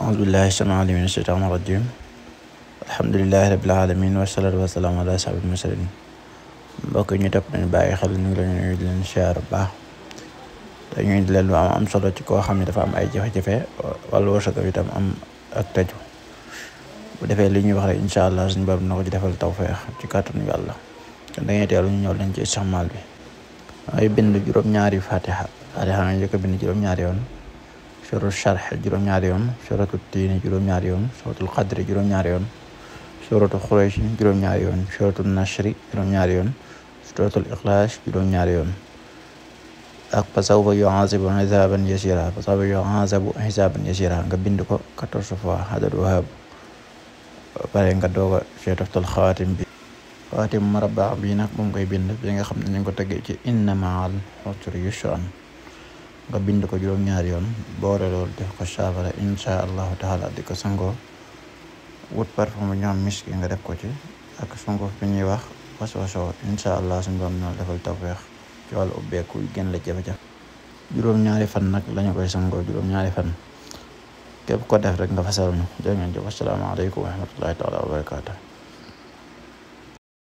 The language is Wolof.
أعوذ بالله السميع العليم من الشيطان الرجيم الحمد لله رب العالمين والصلاة والسلام على سيد المرسلين بوك ني توب ني باي خال ني لا ني دي لن شار با دا ني دي لن ام ام صلو تي كو خا ني دا فا ام اي جيفا جيفا وال ورشا كو يتام ام اك تاجو بو ديفه لي ني واخ ان شاء الله سن باب نكو دي ديفال توفيق تي كاتون يالا دا ني تيال ني نيو لن جي استعمال بي اي بند جوروم نياري فاتحه فاتحه ني جوك بند جوروم نياري sharhu sharx juróom-ñaari yoon suratu tiini juróom-ñaari yoon suratul qadri juróom-ñaari yoon suratu xuraysh juróom-ñaari yoon suratu nashri juróom-ñaari yoon suratul ixlaas juróom-ñaari yoon ak fasawfa yu'azabu hisaban yasira fasawfa yu'azabu hisaban yasira nga bind ko quatorze fois adad wahab pare nga doog a see toftal xawaatim bi xawaatim marabaa bii nag moom koy bind bi nga xam ne ñu ngi ko teggee ci inna ma'al usri yusran nga bind ko juróom-ñaari yoon boole loolu def ko saafara insha allahu taala di ko sangoo wut parfum bu ñu nga def ko ci ak sunguf bi ñuy wax was wasoo insha allah suñu borom na ta weex ci wàllu ubbeeku gën la jafe-jafe juróom-ñaari fan nag lañu koy sangoo juróom-ñaari fan képp ko def rek nga fasal ñu jërë ngeen jëf asalaamaaleykum wa rahmatullahi taala wa barakaatu